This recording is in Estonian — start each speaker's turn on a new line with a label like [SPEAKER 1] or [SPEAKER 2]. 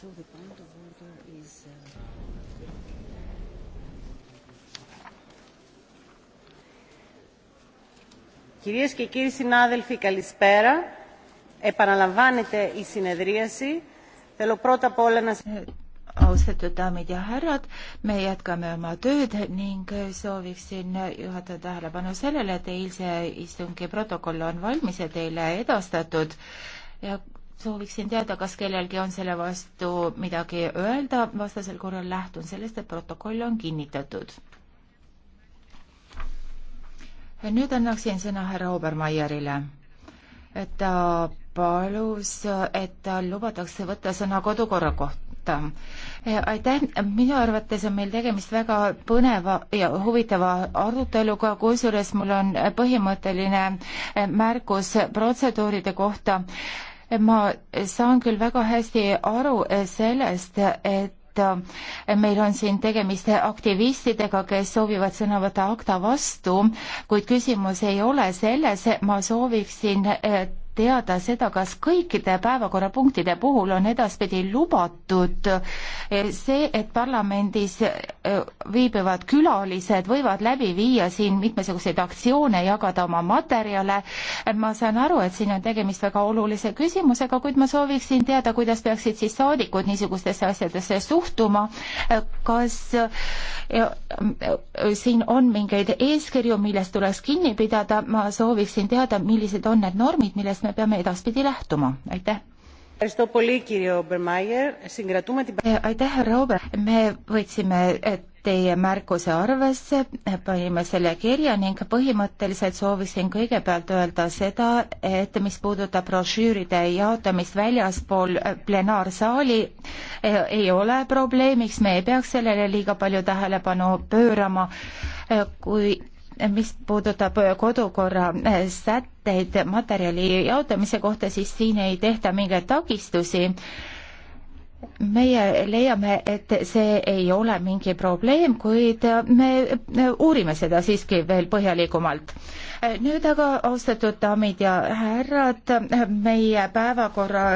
[SPEAKER 1] So the point of order is. Uh, Κυρίες και κύριοι συνάδελφοι, καλησπέρα. Επαναλαμβάνεται η συνεδρίαση. Θέλω πρώτα απ' όλα να... Austatud daamid ja härrad, me jätkame oma tööd ning sooviksin juhatada tähelepanu sellele, et eilse istungi protokoll on valmis ja teile edastatud ja sooviksin teada, kas kellelgi on selle vastu midagi öelda, vastasel korral lähtun sellest, et protokoll on kinnitatud. nüüd annaksin sõna härra Obermeierile. ta palus, et tal lubatakse võtta sõna kodukorra kohta. aitäh, minu arvates on meil tegemist väga põneva ja huvitava aruteluga, kusjuures mul on põhimõtteline märkus protseduuride kohta ma saan küll väga hästi aru eh, sellest, et eh, meil on siin tegemist aktivistidega, kes soovivad sõna võtta akta vastu, kuid küsimus ei ole selles, ma sooviksin eh, teada seda, kas kõikide päevakorrapunktide puhul on edaspidi lubatud see, et parlamendis Äh, viibivad külalised võivad läbi viia siin mitmesuguseid aktsioone, jagada oma materjale. ma saan aru, et siin on tegemist väga olulise küsimusega, kuid ma sooviksin teada, kuidas peaksid siis saadikud niisugustesse asjadesse suhtuma. Äh, kas äh, siin on mingeid eeskirju, millest tuleks kinni pidada, ma sooviksin teada, millised on need normid, millest me peame edaspidi lähtuma, aitäh aitäh, härra Ober, me võtsime teie märkuse arvesse, panime selle kirja ning põhimõtteliselt soovisin kõigepealt öelda seda, et mis puudutab brošüüride jaotamist väljaspool äh, plenaarsaali, äh, ei ole probleemiks, me ei peaks sellele liiga palju tähelepanu pöörama, äh, kui mis puudutab kodukorra sätteid materjali jaotamise kohta, siis siin ei tehta mingeid takistusi. meie leiame, et see ei ole mingi probleem, kuid me uurime seda siiski veel põhjalikumalt. nüüd aga, austatud daamid ja härrad, meie päevakorra